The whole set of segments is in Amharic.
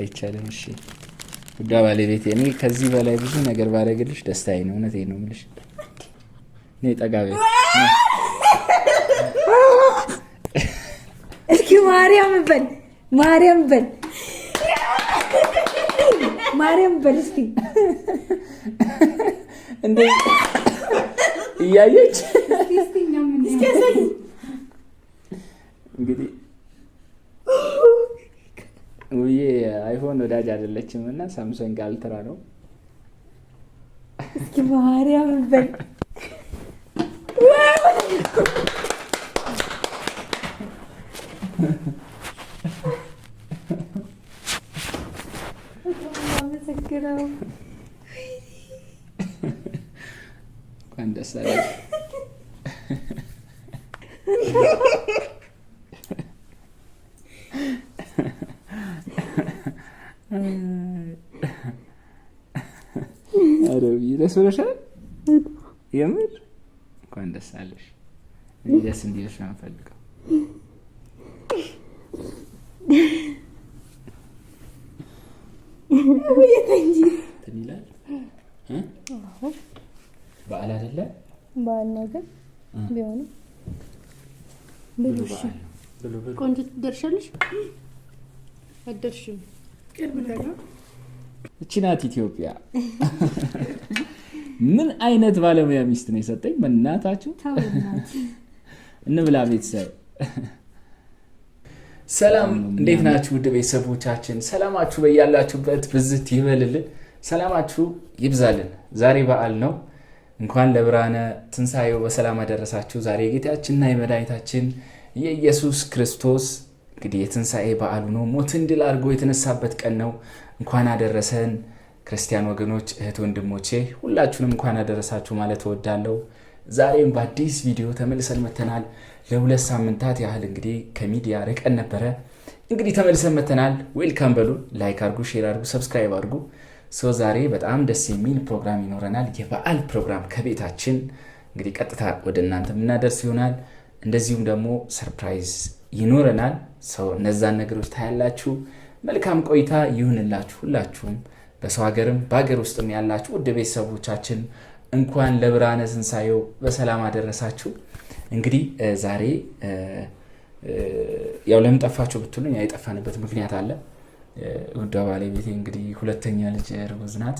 አይቻልም። እሺ ውዳ ባለቤቴ፣ እኔ ከዚህ በላይ ብዙ ነገር ባደረግልሽ ደስታዬ ነው። እውነቴን ነው የምልሽ። እኔ ጠጋቤ እስኪ ማርያም በል ማርያም በል ማርያም በል እስኪ እንደ እያየች እንግዲህ ውዬ አይፎን ወዳጅ አይደለችም እና ሳምሰንግ አልትራ ነው። እስኪ ማርያም በይ እንኳን ደስ አለ ኧረ ደስ ብሎሻል። የምር እንኳን ደስ አለሽ። እኔ ደስ እንዲልሽ ነው የምፈልገው። ይላል በዓል አይደለ? በዓል ነው ግን ቢሆንም ቆንጆ ትደርሻለሽ። አደርሽም እቺ ናት ኢትዮጵያ። ምን አይነት ባለሙያ ሚስት ነው የሰጠኝ? መናታችሁ እንብላ ቤተሰብ ሰላም እንዴት ናችሁ? ውድ ቤተሰቦቻችን ሰላማችሁ በያላችሁበት ብዝት ይበልልን፣ ሰላማችሁ ይብዛልን። ዛሬ በዓል ነው። እንኳን ለብርሃነ ትንሣኤው በሰላም አደረሳችሁ። ዛሬ የጌታችንና የመድኃኒታችን የኢየሱስ ክርስቶስ እንግዲህ የትንሣኤ በዓሉ ነው። ሞትን ድል አድርጎ የተነሳበት ቀን ነው። እንኳን አደረሰን ክርስቲያን ወገኖች፣ እህት ወንድሞቼ፣ ሁላችሁንም እንኳን አደረሳችሁ ማለት እወዳለሁ። ዛሬም በአዲስ ቪዲዮ ተመልሰን መተናል። ለሁለት ሳምንታት ያህል እንግዲህ ከሚዲያ ርቀን ነበረ። እንግዲህ ተመልሰን መተናል። ዌልካም በሉ። ላይክ አድርጉ፣ ሼር አድርጉ፣ ሰብስክራይብ አድርጉ። ሰው ዛሬ በጣም ደስ የሚል ፕሮግራም ይኖረናል። የበዓል ፕሮግራም ከቤታችን እንግዲህ ቀጥታ ወደ እናንተ የምናደርስ ይሆናል። እንደዚሁም ደግሞ ሰርፕራይዝ ይኖረናል። ሰው እነዛን ነገሮች ታያላችሁ። መልካም ቆይታ ይሁንላችሁ። ሁላችሁም በሰው ሀገርም በሀገር ውስጥም ያላችሁ ውድ ቤተሰቦቻችን እንኳን ለብርሃነ ስንሳየው በሰላም አደረሳችሁ። እንግዲህ ዛሬ ያው ለምን ጠፋችሁ ብትሉኝ የጠፋንበት ምክንያት አለ። ውዷ ባለቤቴ እንግዲህ ሁለተኛ ልጅ እርጉዝ ናት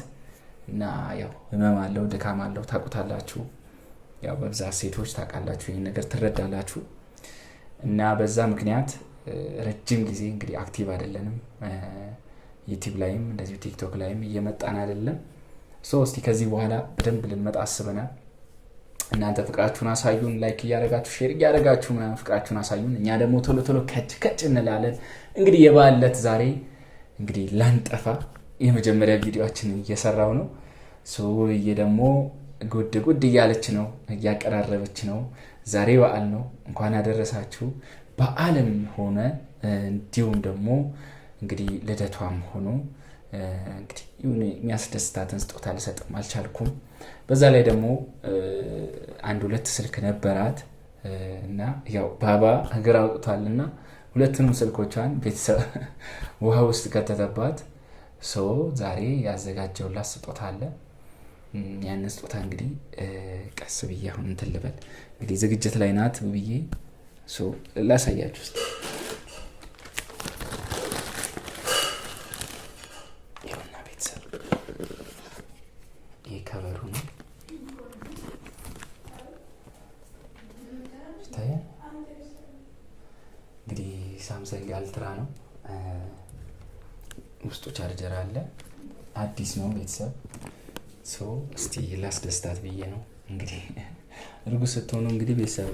እና ያው ህመም አለው ድካም አለው ታውቁታላችሁ። ያው በብዛት ሴቶች ታውቃላችሁ፣ ይህን ነገር ትረዳላችሁ። እና በዛ ምክንያት ረጅም ጊዜ እንግዲህ አክቲቭ አይደለንም። ዩቲብ ላይም እንደዚሁ ቲክቶክ ላይም እየመጣን አይደለም። ሶ እስቲ ከዚህ በኋላ በደንብ ልንመጣ አስበናል። እናንተ ፍቅራችሁን አሳዩን፣ ላይክ እያደረጋችሁ ሼር እያደረጋችሁ ምናምን ፍቅራችሁን አሳዩን። እኛ ደግሞ ቶሎ ቶሎ ከጭ ከጭ እንላለን። እንግዲህ የባለት ዛሬ እንግዲህ ላንጠፋ የመጀመሪያ ቪዲዮችንን እየሰራው ነው። ሰውዬ ደግሞ ጉድ ጉድ እያለች ነው፣ እያቀራረበች ነው። ዛሬ በዓል ነው። እንኳን ያደረሳችሁ። በዓልም ሆነ እንዲሁም ደግሞ እንግዲህ ልደቷም ሆኖ እንግዲህ የሚያስደስታትን ስጦታ ልሰጥም አልቻልኩም። በዛ ላይ ደግሞ አንድ ሁለት ስልክ ነበራት እና ያው ባባ እግር አውጥቷል እና ሁለቱንም ስልኮቿን ቤተሰብ ውሃ ውስጥ ከተተባት። ሶ ዛሬ ያዘጋጀውላት ስጦታ አለ። ያን ስጦታ እንግዲህ ቀስ ብዬ አሁን እንትን ልበል እንግዲህ ዝግጅት ላይ ናት ብዬ ላሳያችሁ ውስጥ ቤተሰብ ይህ ነው እንግዲህ ሳምሰንግ አልትራ ነው። ውስጡ ቻርጀር አለ። አዲስ ነው ቤተሰብ። እስቲ ላስደስታት ብዬ ነው እንግዲህ እርጉዝ ስትሆኑ እንግዲህ ቤተሰብ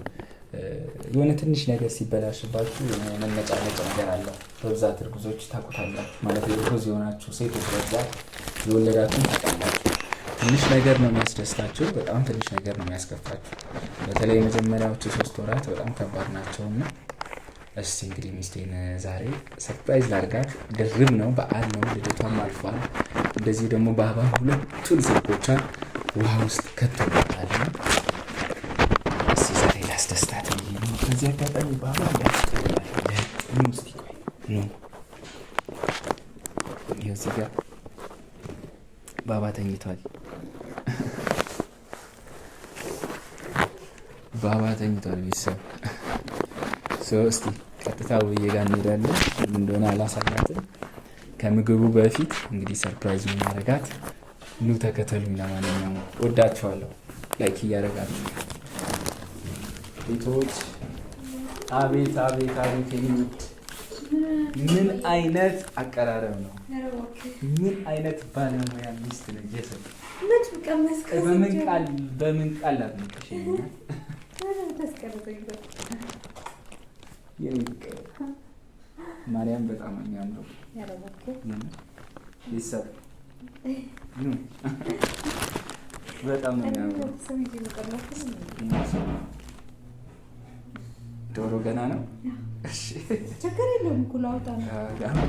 የሆነ ትንሽ ነገር ሲበላሽባችሁ መነጫነጭ ነገር አለ። በብዛት እርጉዞች ታውቁታላችሁ። ማለት እርጉዝ የሆናችሁ ሴት በብዛት የወለዳችሁ ታውቃላችሁ። ትንሽ ነገር ነው የሚያስደስታችሁ፣ በጣም ትንሽ ነገር ነው የሚያስከፋችሁ። በተለይ የመጀመሪያዎቹ ሶስት ወራት በጣም ከባድ ናቸው እና እስቲ እንግዲህ ሚስቴን ዛሬ ሰርፕራይዝ ላድርጋት። ድርብ ነው፣ በዓል ነው፣ ልደቷም አልፏል። እንደዚህ ደግሞ በአባ ሁለቱን ስልኮቿን ውሃ ውስጥ ነው በዚህ አጋጣሚ ባህሉ እዚህ ባባ ተኝቷል። ባባ ተኝቷል። ቤተሰብ እስቲ ቀጥታ ውዬ ጋር እንሄዳለን። እንደሆነ አላሳያትም። ከምግቡ በፊት እንግዲህ ሰርፕራይዝ የሚያደርጋት ኑ ተከተሉኝ። ለማንኛውም ላይክ ቤቶች አቤት አቤት አቤት! ምን አይነት አቀራረብ ነው! ምን አይነት ባለሙያ ሚስት ነው እየሰጠ በምን ቃል በምን ቃል ላትነቀሽ ማርያም በጣም የሚያምረው ይሰብ በጣም ነው የሚያምረው። ዶሮ ገና ነው። ችግር የለውም እኮ ላውጣ ነው።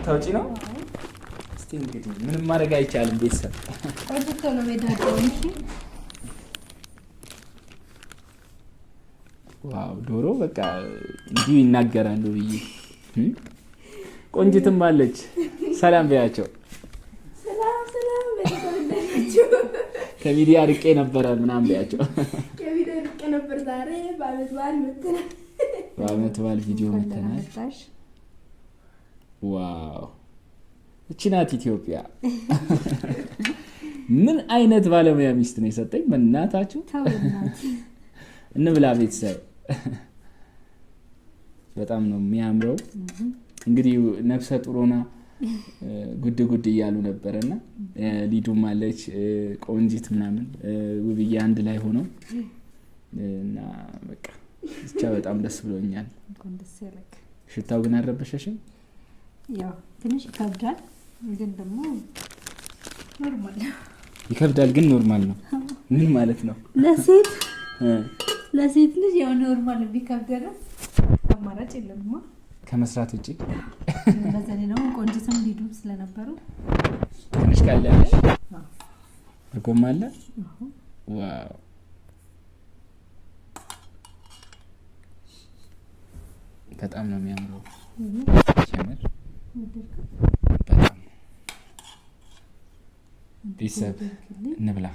ታውጪ ነው። እስቲ እንግዲህ ምንም ማድረግ አይቻልም። ቤተሰብ ቆይቶ ነው ሜዳቸው። ዋው ዶሮ በቃ እንዲሁ ይናገራሉ ብዬ ቆንጅትም አለች። ሰላም በያቸው። ከሚዲያ ርቄ ነበረ ምናምን በያቸው። ከሚዲያ ርቄ ነበር ዛሬ በዓመት ባል መተናል በአመት በዓል ቪዲዮ መተናል። ዋው እቺ ናት ኢትዮጵያ። ምን አይነት ባለሙያ ሚስት ነው የሰጠኝ? በእናታችሁ እንብላ ቤተሰብ። በጣም ነው የሚያምረው። እንግዲህ ነፍሰ ጡሮና ጉድ ጉድ እያሉ ነበረና ሊዱም አለች ቆንጂት ምናምን ውብዬ አንድ ላይ ሆነው እና በቃ ብቻ በጣም ደስ ብሎኛል። ሽታው ግን አረበሸሽም ያው ትንሽ ይከብዳል፣ ግን ደግሞ ኖርማል ይከብዳል ግን ኖርማል ነው። ምን ማለት ነው? ለሴት ለሴት ልጅ ያው ኖርማል ቢከብደለ አማራጭ የለምማ ከመስራት ውጭ በዘኔ ደግሞ ቆንጅትም ሊዱ ስለነበሩ ትንሽ ካለ ምርጎም አለ። ዋው በጣም ነው የሚያምረው። ሲያምር በጣም ቤተሰብ እንብላ።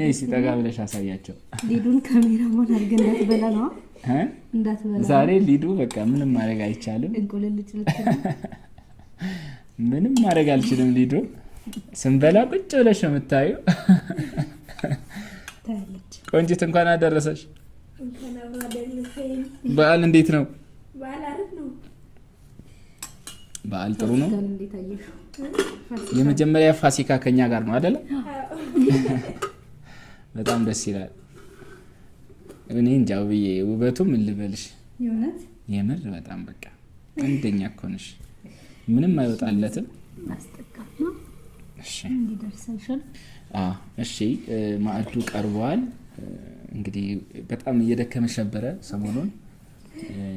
ነይ ሲጠጋ ብለሽ አሳያቸው። ሊዱን ካሜራ ሆን አድርገህ እንዳትበላ ነው ዛሬ። ሊዱ በቃ ምንም ማድረግ አይቻልም። ምንም ማድረግ አልችልም። ሊዱ ስንበላ ቁጭ ብለሽ ነው የምታዩ። ቆንጂት እንኳን አደረሰሽ። በዓል እንዴት ነው? በዓል ጥሩ ነው። የመጀመሪያ ፋሲካ ከኛ ጋር ነው አይደለ? በጣም ደስ ይላል። እኔ እንጃ ብዬ ውበቱ ምን ልበልሽ፣ የምር በጣም በቃ አንደኛ እኮ ነሽ። ምንም አይወጣለትም። እሺ ማዕዱ ቀርቧል። እንግዲህ በጣም እየደከመሽ ነበረ ሰሞኑን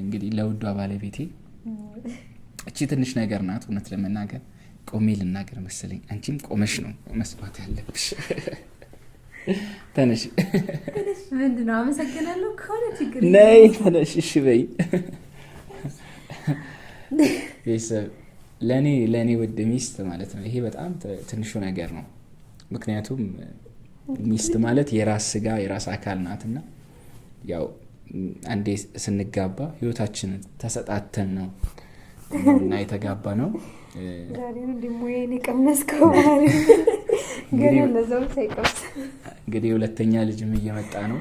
እንግዲህ ለውዷ ባለቤቴ እቺ ትንሽ ነገር ናት። እውነት ለመናገር ቆሜ ልናገር መስለኝ አንቺም ቆመሽ ነው መስማት ያለብሽ። ተነሽ ምንድነው አመሰግናለሁ። ከሆነ ችግር ነይ ተነሽ። እሺ በይ ቤተሰብ። ለእኔ ለእኔ ውድ ሚስት ማለት ነው ይሄ በጣም ትንሹ ነገር ነው። ምክንያቱም ሚስት ማለት የራስ ስጋ የራስ አካል ናት እና ያው አንዴ ስንጋባ ህይወታችንን ተሰጣተን ነው እና የተጋባ ነው። እንግዲህ ሁለተኛ ልጅም እየመጣ ነው።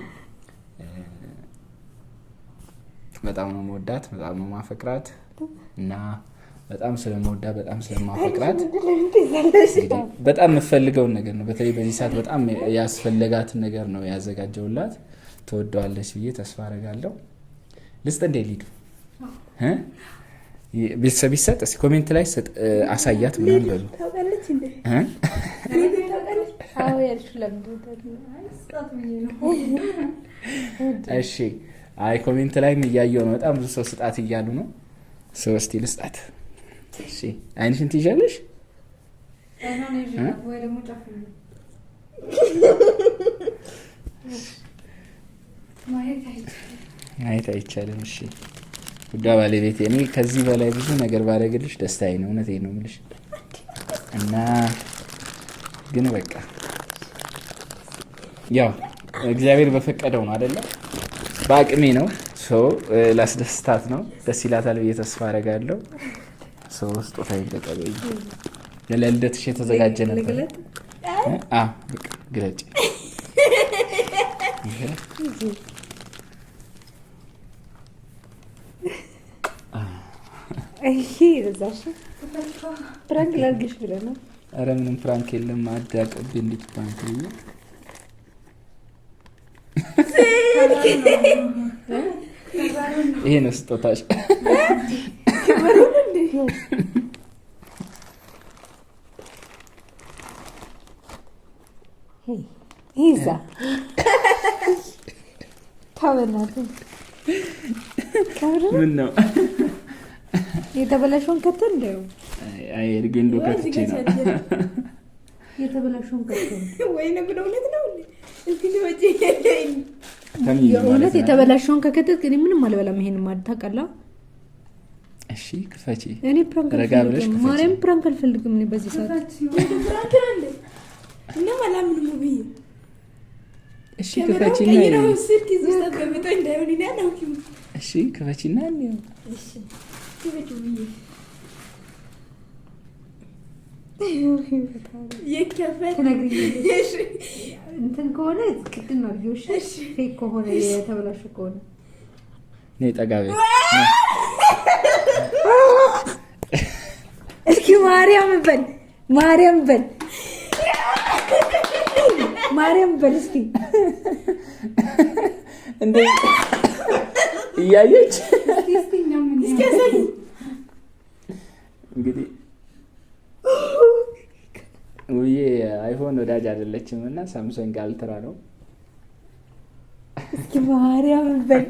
በጣም ነው መወዳት፣ በጣም ነው ማፈቅራት እና በጣም ስለመወዳ በጣም ስለማፈቅራት በጣም የምፈልገውን ነገር ነው። በተለይ በዚህ ሰዓት በጣም ያስፈለጋትን ነገር ነው ያዘጋጀውላት። ትወደዋለች ብዬ ተስፋ አደርጋለሁ። ልስጥ እንዴ ሊዱ ቤተሰብ ይሰጥ እስኪ ኮሜንት ላይ አሳያት ምናምን በሉ። እሺ አይ ኮሜንት ላይም እያየው ነው። በጣም ብዙ ሰው ስጣት እያሉ ነው። ሰው ልስጣት። እሺ አይንሽን ትይዣለሽ። ማየት አይቻልም። እሺ ውዷ ባለቤት፣ እኔ ከዚህ በላይ ብዙ ነገር ባደረግልሽ ደስታዬ ነው። እውነቴን ነው የምልሽ እና ግን በቃ ያው እግዚአብሔር በፈቀደው ነው አደለ? በአቅሜ ነው። ሰው ላስደስታት ነው። ደስ ይላታል ብዬ ተስፋ አደርጋለሁ። ሰው ስጦታዬን ተቀበይ። ለልደትሽ የተዘጋጀ ነበር። ግለጭ هي زاشا برانك لا تجيش بلانا ኧረ ምንም ፍራንክ የለም። አዳቀብ እንዴት ፍራንክ ነው? ይሄ ነው ስጦታሽ። ይዛ ታበናት ምን ነው የተበላሸውን ከተ እንደው እርግ እንዶ ከትቼ ነው የተበላሸውን ወይ ነው ብለው የእውነት የተበላሸውን ከከተት ግን ምንም አልበላም። ይሄን ማለት ታውቃለህ። እሺ ክፈቺ። እኔ ፕራንክ አልፈልግም፣ ማርያም ፕራንክ አልፈልግም። እኔ በዚህ ሰዓት እሺ ክፈቺ እና እንትን ከሆነ ቅድም አርጊዎች ፌክ ከሆነ የተበላሹ ከሆነ ነይ ጠጋ በይ እስኪ ማርያም በል ማርያም በል ማርያም በል እስኪ እያየች እንግዲህ ውዬ አይፎን ወዳጅ አይደለችም እና ሳምሰንግ አልትራ ነው። እስኪ ማርያም በል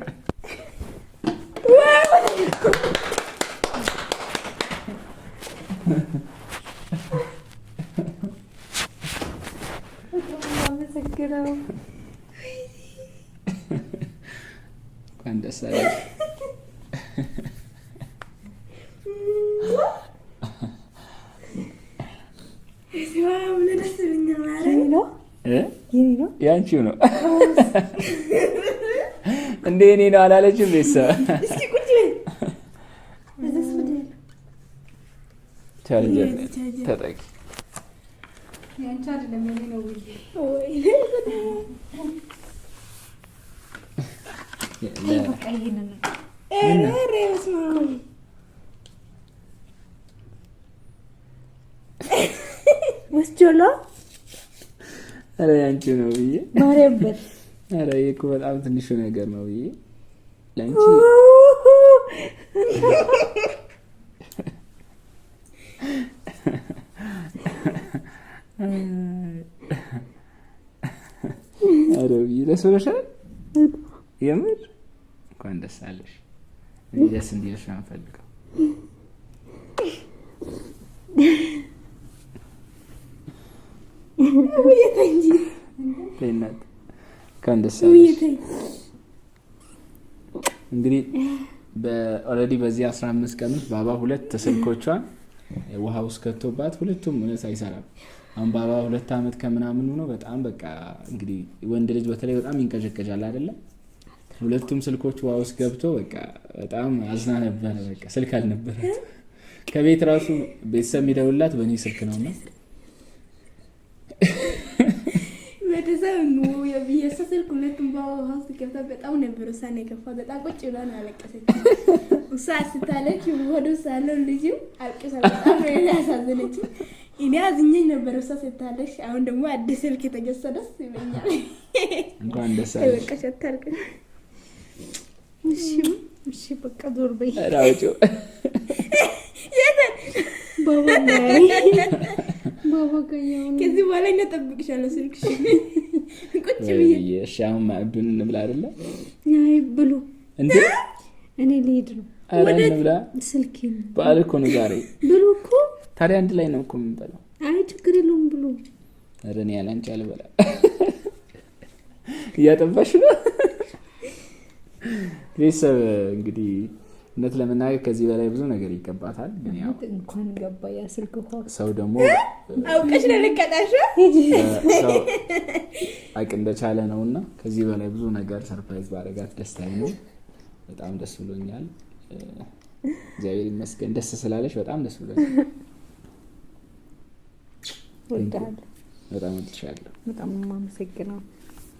እንኳን ደስ አለ ያንቺው ነው እንደ እኔ ነው አላለችም። ቤተሰብ ተጠቂ ነው መስጆሎ አረ ያንቺ ነው ብዬ ማርያበት በጣም ትንሹ ነገር ነው ብዬ የምር እንኳን ደስ አለሽ። እንዲልሽ ነው የምፈልገው። እንግዲህ ኦልሬዲ በዚህ አስራ አምስት ቀን ውስጥ ባባ ሁለት ስልኮቿን ውሃ ውስጥ ከቶባት ሁለቱም እውነት አይሰራም። አሁን ባባ ሁለት ዓመት ከምናምን ሆኖ በጣም በቃ እንግዲህ ወንድ ልጅ በተለይ በጣም ይንቀዠቀዣል አይደለም። ሁለቱም ስልኮች ውሃ ውስጥ ገብቶ በቃ በጣም አዝና ነበረ። በቃ ስልክ አልነበረት ከቤት ራሱ ቤተሰብ የሚደውላት በእኔ ስልክ ነውና በጣም ነበር ውሳኔ የከፋው። በጣም ቁጭ ብላ ነው ያለቀሰች። ውሳ ስታለች ወደ ውሳ ልጅ አልቅሳ በጣም ነው እኔ አዝኘኝ ነበር ውሳ ስታለች። አሁን ደግሞ አዲስ ስልክ የተገዛ ደስ ይለኛል። እንኳን ደስ አለሽ። እሺ በቃ ዞር በይ። ከዚህ በኋላ እኛ ጠብቅሻለሁ ስልክሽ ቁጭ ብዬ እሺ። አሁን ብን እንብላ አደለ አይደለ? ብሉ እንዴ እኔ ልሄድ ነው። ኧረ እንብላ። ስልክ በዓል እኮ ነው ዛሬ። ብሉ እኮ ታዲያ አንድ ላይ ነው እኮ የምንበላው። አይ ችግር የለውም ብሉ። ኧረ እኔ ያለ አንቺ አልበላም። እያጠባሽ ነው ቤተሰብ እንግዲህ እውነት ለመናገር ከዚህ በላይ ብዙ ነገር ይገባታል። እንኳን ገባ ያስልክ ሰው ደግሞ አውቀሽ ለለቀጣሽ አቅ እንደቻለ ነው እና ከዚህ በላይ ብዙ ነገር ሰርፕራይዝ ባረጋት ደስታዬ ነው። በጣም ደስ ብሎኛል። እግዚአብሔር ይመስገን። ደስ ስላለሽ በጣም ደስ ብሎኛል። በጣም ወድሻለሁ። በጣም የማመሰግነው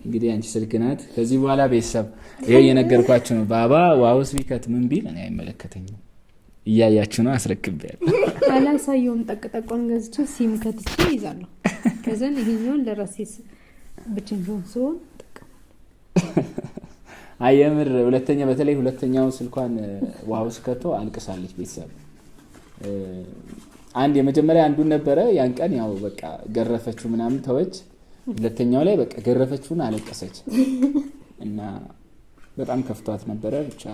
እንግዲህ አንቺ ስልክ ናት። ከዚህ በኋላ ቤተሰብ ይሄ እየነገርኳችሁ ነው። ባባ ዋውስ ቢከት ምን ቢል እኔ አይመለከተኝም። እያያችሁ ነው። አስረክቤያለሁ። አላሳየውም። ጠቅጠቋን ገዝቼ ሲም ከትቼ ይዛለሁ። ከዘን ይሄኛውን ለራሴ ብቻዬን ስሆን አየምር ሁለተኛ በተለይ ሁለተኛው ስልኳን ዋውስ ከቶ አልቅሳለች። ቤተሰብ አንድ የመጀመሪያ አንዱን ነበረ ያን ቀን ያው በቃ ገረፈችው ምናምን ተወች። ሁለተኛው ላይ በቃ ገረፈችውን አለቀሰች እና በጣም ከፍቷት ነበረ። ብቻ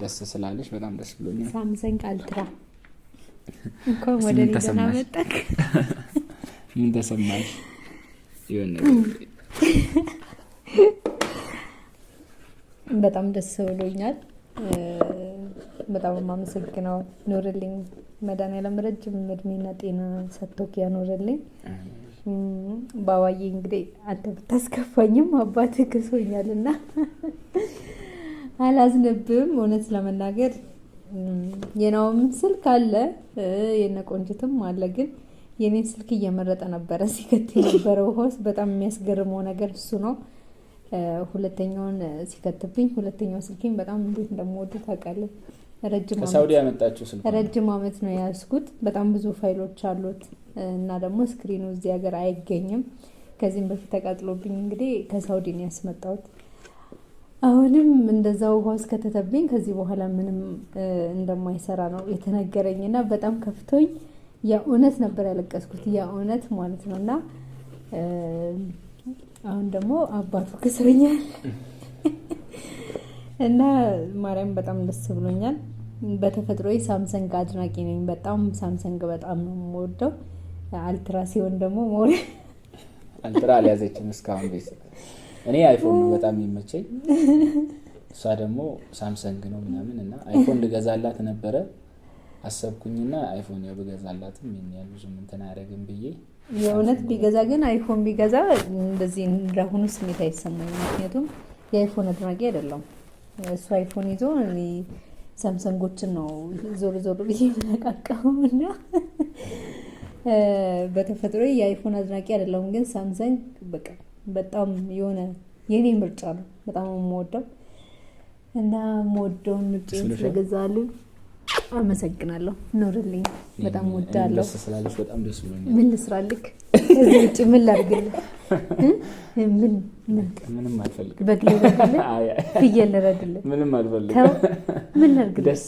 ደስ ስላለች በጣም ደስ ብሎኛል። ሳምሰንግ አልትራ እንኳን ወደ መጠቅ ምን ተሰማሽ? የሆነ በጣም ደስ ብሎኛል። በጣም የማመሰግነው ኑርልኝ መድኃኒዓለም ረጅም እድሜና ጤና ሰጥቶክ ያኖርልኝ። ባባዬ እንግዲህ አንተ ብታስከፋኝም አባት ክሶኛል እና አላዝንብም። እውነት ለመናገር የናውም ስልክ አለ የነ ቆንጅትም አለ፣ ግን የኔን ስልክ እየመረጠ ነበረ ሲከት የነበረው ሆስ። በጣም የሚያስገርመው ነገር እሱ ነው። ሁለተኛውን ሲከትብኝ ሁለተኛው ስልኬን በጣም እንዴት እንደምወዱ ታውቃለህ። ረጅም አመት ነው የያዝኩት። በጣም ብዙ ፋይሎች አሉት እና ደግሞ ስክሪኑ እዚህ ሀገር አይገኝም። ከዚህም በፊት ተቃጥሎብኝ እንግዲህ ከሳውዲ ነው ያስመጣሁት። አሁንም እንደዛ ውሃ ውስጥ ከተተብኝ ከዚህ በኋላ ምንም እንደማይሰራ ነው የተነገረኝ እና በጣም ከፍቶኝ የእውነት ነበር ያለቀስኩት የእውነት ማለት ነው እና አሁን ደግሞ አባቱ ክስረኛል እና ማርያም በጣም ደስ ብሎኛል። በተፈጥሮ ሳምሰንግ አድናቂ ነኝ። በጣም ሳምሰንግ በጣም ነው የምወደው። አልትራ ሲሆን ደግሞ ሞሪ አልትራ አልያዘችም እስካሁን ቤት። እኔ አይፎን ነው በጣም የሚመቸኝ፣ እሷ ደግሞ ሳምሰንግ ነው ምናምን እና አይፎን ልገዛላት ነበረ አሰብኩኝና አይፎን ያው ብገዛላትም የሚያል ብዙ ምንትን አያደርግም ብዬ የእውነት ቢገዛ ግን አይፎን ቢገዛ እንደዚህ ለአሁኑ ስሜት አይሰማኝ። ምክንያቱም የአይፎን አድናቂ አይደለም። እሱ አይፎን ይዞ ሳምሰንጎችን ነው ዞር ዞር ብዬ የምነቃቀው እና በተፈጥሮ የአይፎን አድናቂ አይደለሁም፣ ግን ሳምሰንግ በቃ በጣም የሆነ የእኔ ምርጫ ነው። በጣም የምወደው እና የምወደውን ምርጫ ስለገዛልን አመሰግናለሁ። ኑርልኝ። በጣም ወዳለሁ። በጣም ደስ ብሎኛል። ምን ልስራልክ? ከዚህ ውጭ ምን ላድርግልህ? ምን ምንም አልፈልግም። በግ ልረድልህ? ፍየል ልረድልህ? ምንም አልፈልግም። ምን ደስ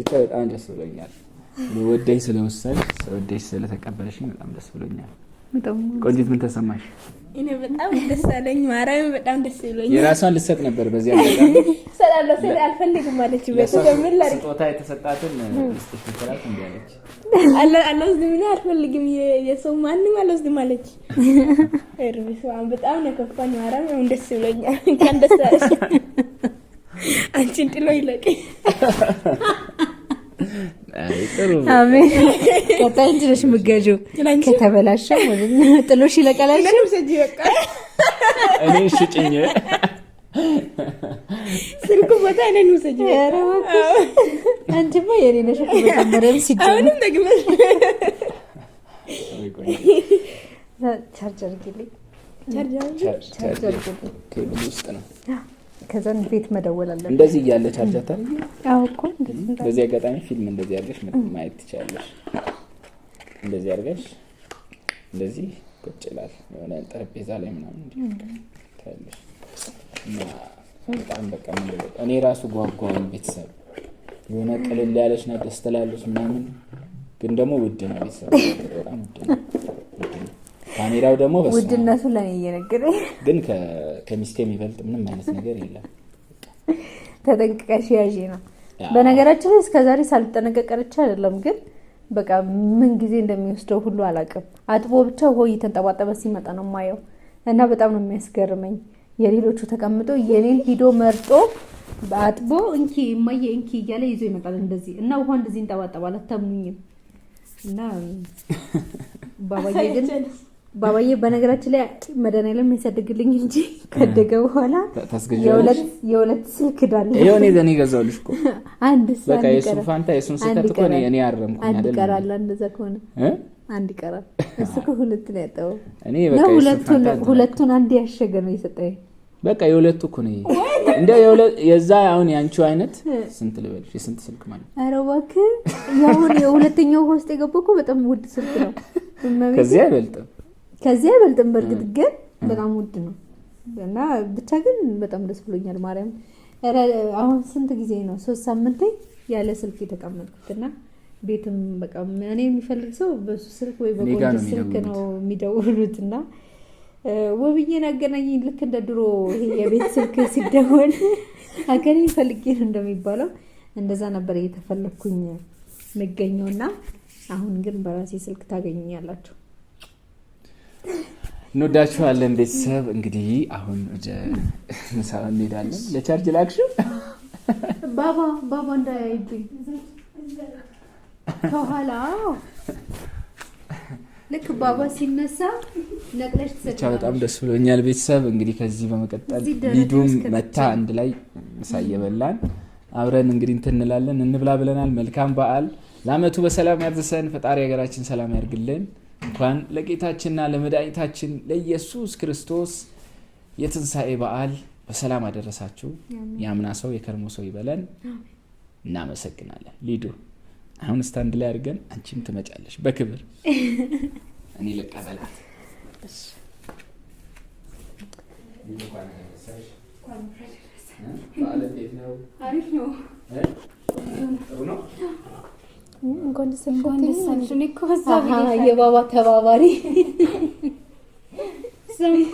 ብቻ በጣም ደስ ብሎኛል። ወዳኝ ስለወሰንሽ፣ ወዳኝ ስለተቀበለሽኝ በጣም ደስ ብሎኛል። ቆንጆት ምን ተሰማሽ? እኔ በጣም ደስ አለኝ። ማርያም በጣም ደስ ይለኝ። የራሷን ልሰጥ ነበር። በዚህ አልፈልግም አልፈልግም፣ የሰው ማንም አልወስድም አለች። በጣም ነው ማርያም ያው ደስ አንቺን ጥሎ ቀጣይ እንትነሽ የምትገዢው ከተበላሸ ጥሎሽ ይለቀላል። እኔ ሽጭኝ ስልኩ ቦታ እኔን ውሰጅ። አንቺማ የኔ ነሽ መጀመሪያም ሲጀምር ደግመሽ ቻርጀር አድርጊልኝ። ቻርጀር አድርጊልኝ። ውስጥ ነው ከዛን ቤት መደወል አለ። እንደዚህ እያለች አርጃታል። አዎ እኮ በዚህ አጋጣሚ ፊልም እንደዚህ አድርገሽ ማየት ትችላለሽ። እንደዚህ አድርገሽ እንደዚህ ቁጭ ይላል የሆነ ጠረጴዛ ላይ ምናምን ታያለሽ። በጣም በቃ እኔ ራሱ ጓጓን ቤተሰብ የሆነ ቅልል ያለች ና ደስተላለች ምናምን፣ ግን ደግሞ ውድ ነው ቤተሰብ በጣም ውድ ነው። ካሜራው ደግሞ ውድነቱ ለእኔ እየነገረኝ ግን ከሚስቴ የሚበልጥ ምንም አይነት ነገር የለም። ተጠንቅቀሽ ያዥ ነው። በነገራችን ላይ እስከዛሬ ሳልጠነቀቅ አይደለም፣ ግን በቃ ምን ጊዜ እንደሚወስደው ሁሉ አላውቅም። አጥቦ ብቻ ሆይ እየተንጠባጠበ ሲመጣ ነው የማየው እና በጣም ነው የሚያስገርመኝ። የሌሎቹ ተቀምጦ የኔን ሂዶ መርጦ አጥቦ እንኪ እማዬ እንኪ እያለ ይዞ ይመጣል እንደዚህ እና ውሃ እንደዚህ እንጠባጠባል አታምኝም እና ባባዬ ግን ባባዬ በነገራችን ላይ መድኃኒዓለም የሚያሳድግልኝ እንጂ ከደገ በኋላ የሁለት ስልክ ዳለ ይሆን ገዛሁልሽ እኮ አንድ ፋንታ እኔ አንድ ይቀራል። እንደዛ ከሆነ አንድ ይቀራል። እሱ ከሁለት ነው ሁለቱን አንድ ያሸገ ነው የሰጠኝ። በቃ የሁለቱ እኮ ነው እንደ የዛ አሁን የአንቺው አይነት ስንት ልበልሽ? የስንት ስልክ ማለት ኧረ እባክህ፣ የሁለተኛው ውስጥ እኮ በጣም ውድ ስልክ ነው። ከዚህ አይበልጥም ከዚያ በልጥም በእርግጥ ግን በጣም ውድ ነው እና ብቻ ግን በጣም ደስ ብሎኛል። ማርያም አሁን ስንት ጊዜ ነው ሶስት ሳምንቴ ያለ ስልክ የተቀመጥኩት እና ቤትም በቃ እኔ የሚፈልግ ሰው በሱ ስልክ ወይ በቆንጆ ስልክ ነው የሚደውሉት እና ወብዬን አገናኘኝ ልክ እንደ ድሮ ይሄ የቤት ስልክ ሲደወል አገናኝ ፈልጌ ነው እንደሚባለው እንደዛ ነበር እየተፈለግኩኝ የሚገኘው እና አሁን ግን በራሴ ስልክ ታገኙኛላችሁ። እንወዳችኋለን ቤተሰብ። እንግዲህ አሁን ወደ ምሳ እንሄዳለን። ለቻርጅ ላክሽም ባባ ባባ እንዳያይብኝ ከኋላ ልክ ባባ ሲነሳ ነቅለሽ በጣም ደስ ብሎኛል ቤተሰብ። እንግዲህ ከዚህ በመቀጠል ሊዱም መታ አንድ ላይ ምሳ እየበላን አብረን እንግዲህ እንትንላለን እንላለን። እንብላ ብለናል። መልካም በአል ለአመቱ በሰላም ያድርሰን ፈጣሪ ሀገራችን ሰላም ያርግልን እንኳን ለጌታችንና ለመድኃኒታችን ለኢየሱስ ክርስቶስ የትንሣኤ በዓል በሰላም አደረሳችሁ። የአምና ሰው የከርሞ ሰው ይበለን። እናመሰግናለን። ሊዱ አሁን ስታንድ ላይ አድርገን አንቺም ትመጫለሽ በክብር እኔ ልቀበላት። አሪፍ ነው። ነው። እንኳን ደስ አለሽ። የባባ ተባባሪ ዘምኩ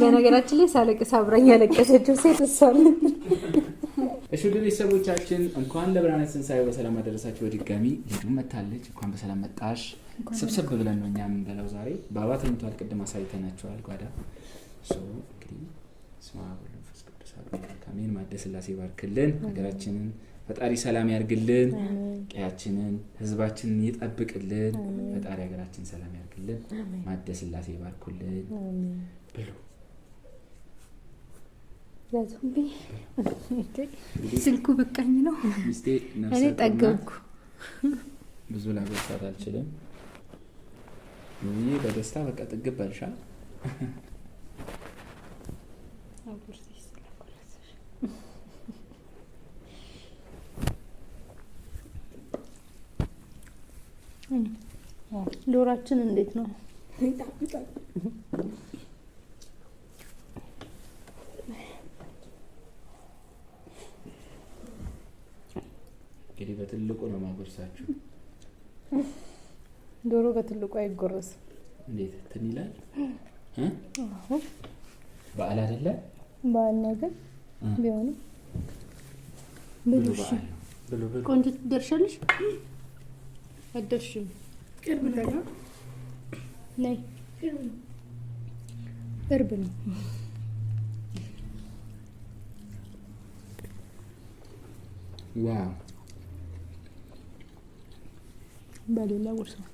በነገራችን ላይ ሳለቅስ አብራኝ ያለቀሰችው ሴት እሷ ነች። እሺ ውድ ቤተሰቦቻችን እንኳን ለብርሃነ ትንሣኤው በሰላም አደረሳችሁ። በድጋሚ ልጁም መታለች። እንኳን በሰላም መጣሽ። ሰብሰብ ብለን ነው እኛ የምንበላው ዛሬ። ባባ ተኝቷል፣ ቅድም አሳይተናቸዋል። ጓዳ እንግዲህ ስማ ብሎ ፈስ ቅዱስ ማደስላሴ ባርክልን ሀገራችንን ፈጣሪ ሰላም ያርግልን፣ ቀያችንን ህዝባችንን ይጠብቅልን። ፈጣሪ ሀገራችን ሰላም ያርግልን። ማደስላሴ ይባርኩልን። ብሉ ስልኩ ብቃኝ ነው። እኔ ጠገብኩ። ብዙ ላጎርሳት አልችልም። ይህ በደስታ በቃ ጥግብ በልሻል ዶሯችን እንዴት ነው? እንግዲህ በትልቁ ነው ማጎርሳችሁ። ዶሮ በትልቁ አይጎረስም። እንዴት እንትን ይላል። በዓል አይደለ? በዓል ነው ግን ቢሆንም ብሉ ብሉ። ቆንጆ አደርሽም ቅርብ ነው። ነይ ቅርብ ነው። ዋው ባሌላ ወርሰው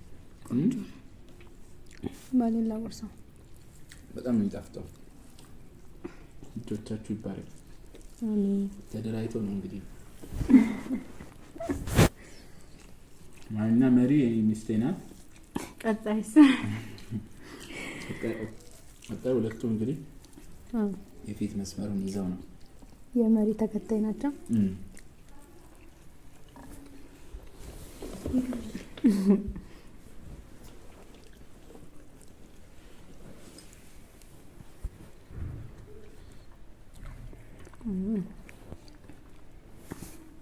ባሌላ ወርሰው በጣም ነው የሚጣፍጠው። እጆቻችሁ ይባላል። ተደራይቶ ነው እንግዲህ ዋና መሪ ሚስቴ ናት። ቀጣይ ቀጣይ ሁለቱም እንግዲህ የፊት መስመሩን ይዘው ነው የመሪ ተከታይ ናቸው።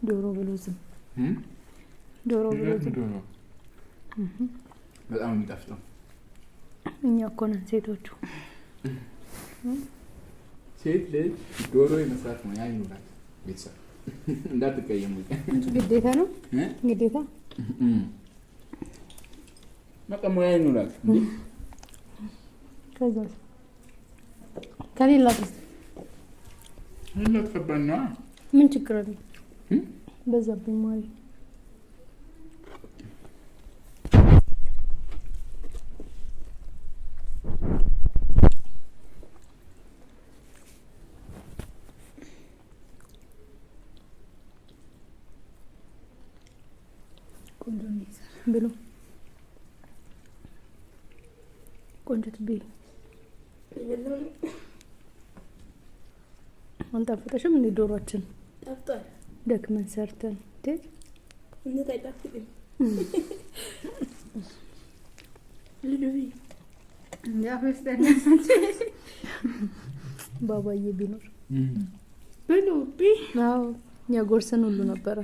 ዶሮ ብሎ ዝም ዶሮ በጣም የሚጣፍጠው እኛ እኮ ነን ሴቶቹ። ሴት ልጅ ዶሮ የመስራት ሙያ ይኑራት። ቤተሰብ እንዳትቀየሙ፣ ግዴታ ነው ግዴታ በቃ ሙያ ይኑራት። ከዛ ከሌላ ምን ችግር አለ? በዛብኝ ማለት ብሎ ቆንጆት ቤ አንጣፈጠሽም እንዴ? ዶሯችን ጣፍጧል። ደክመን ሰርተን እንዴት ባባዬ ቢኖር ብሉ ያጎርሰን ሁሉ ነበረ።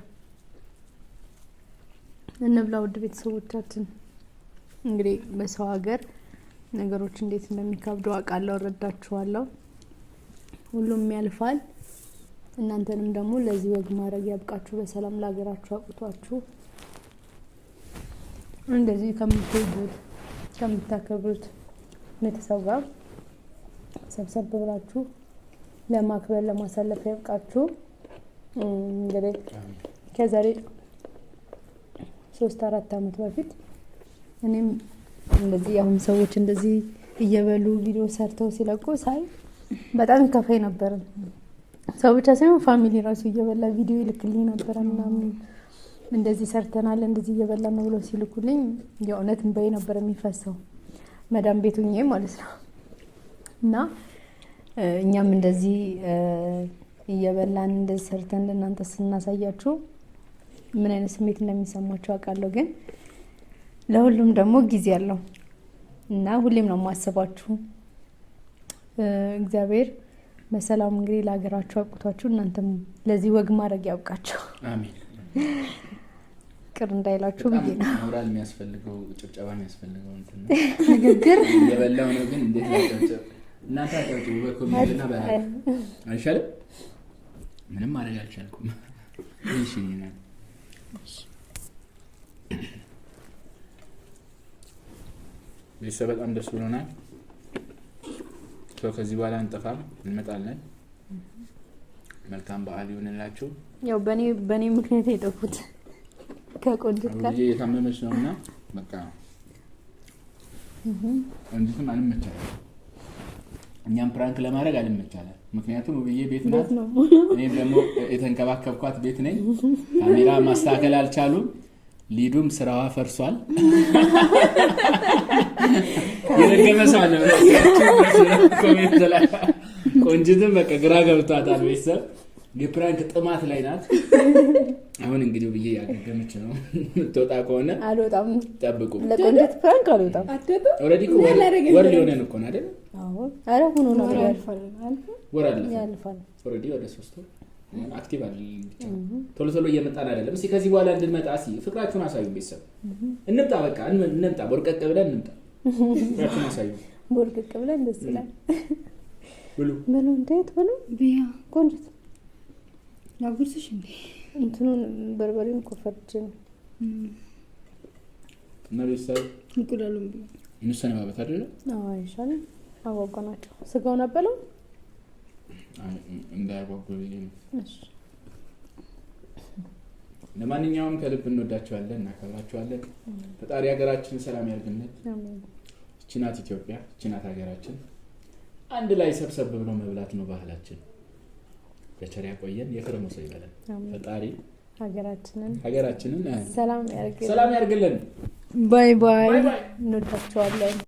እንብላ። ውድ ቤተሰቦቻችን እንግዲህ በሰው ሀገር ነገሮች እንዴት እንደሚከብዱ አውቃለሁ፣ እረዳችኋለሁ። ሁሉም ያልፋል። እናንተንም ደግሞ ለዚህ ወግ ማድረግ ያብቃችሁ። በሰላም ለሀገራችሁ አውቅቷችሁ እንደዚህ ከምትወዱት ከምታከብሩት ቤተሰብ ጋር ሰብሰብ ብላችሁ ለማክበር ለማሳለፍ ያብቃችሁ። እንግዲህ ከዛሬ ሶስት አራት አመት በፊት እኔም እንደዚህ አሁን ሰዎች እንደዚህ እየበሉ ቪዲዮ ሰርተው ሲለቁ ሳይ በጣም ይከፋኝ ነበረ። ሰው ብቻ ሳይሆን ፋሚሊ ራሱ እየበላ ቪዲዮ ይልክልኝ ነበረ ምናምን እንደዚህ ሰርተናል እንደዚህ እየበላ ነው ብለው ሲልኩልኝ የእውነት እንባዬ ነበር የሚፈሰው መዳም ቤቱኜ ማለት ነው። እና እኛም እንደዚህ እየበላን እንደዚህ ሰርተን ለእናንተ ስናሳያችሁ ምን አይነት ስሜት እንደሚሰማቸው አውቃለሁ። ግን ለሁሉም ደግሞ ጊዜ አለው እና ሁሌም ነው የማስባችሁ። እግዚአብሔር በሰላም እንግዲህ ለሀገራችሁ አብቅቷችሁ እናንተም ለዚህ ወግ ማድረግ ያብቃችሁ፣ ቅር እንዳይላችሁ ብዬ ነው። ሞራል የሚያስፈልገው ጭብጨባ የሚያስፈልገው ንግግር የበላው ነው። ግን እንዴት እናንተ አጫጭቡ በኮሚሽንና በ አይሻልም? ምንም ማድረግ አልቻልኩም። ይሽኝናል ቤተሰብ በጣም ደስ ብሎናል። ሰው ከዚህ በኋላ እንጠፋም፣ እንመጣለን። መልካም በዓል ይሆንላችሁ። ያው በእኔ ምክንያት የጠፉት ከቆንጅት ጋር የታመመች ነው እና በቃ እንዲትም አልመቻል እኛም ፕራንክ ለማድረግ አልመቻለን። ምክንያቱም ውብዬ ቤት ናት፣ እኔም ደግሞ የተንከባከብኳት ቤት ነኝ። ካሜራ ማስተካከል አልቻሉም። ሊዱም ስራዋ ፈርሷል። የረገመ ሰው ቆንጅትም በቃ ግራ ገብቷታል። ቤተሰብ የፕራንክ ጥማት ላይ ናት። አሁን እንግዲህ ብዬ ያገገመች ነው ምትወጣ ከሆነ አልወጣም፣ ጠብቁ። ለቆንጆት ፍራንክ አልወጣም። ኦልሬዲ ወር ሊሆነን እኮ ነው አይደል? ሆኖ ነው ወር አለፈ። ኦልሬዲ ወደ ሶስት ወር አክቲቭ አለ። ብቻ ቶሎ ቶሎ እየመጣን አይደለም። እስኪ ከዚህ በኋላ እንድንመጣ እስኪ ፍቅራችሁን አሳዩ። ቤተሰብ እንምጣ፣ በቃ እንምጣ፣ ቦርቀቅ ብለን እንምጣ። ፍቅራችሁን አሳዩ፣ ቦርቀቅ ብለን ደስ ይላል። ብሉ ብሉ፣ እንዴት ብሉ። ቆንጆት ላጉርስሽ እንዴ እንትኑን በርበሬም ኮፈርችን እና ቤተሰብ እንቁላሉ እንሰነባበት አይደለ? አይሻልም? አጓጓናቸው። ስጋውን አበለው እንዳያጓጉ ብዬ ነው። ለማንኛውም ከልብ እንወዳቸዋለን፣ እናከብራቸዋለን። ፈጣሪ ሀገራችን ሰላም ያርግነት። እችናት ኢትዮጵያ፣ እችናት ሀገራችን። አንድ ላይ ሰብሰብ ብሎ መብላት ነው ባህላችን። በቸር ያቆየን የከረመ ሰው ይበለን ፈጣሪ ሀገራችንን ሀገራችንን ሰላም ያርግልን። ባይ ባይ። እንወዳችኋለን።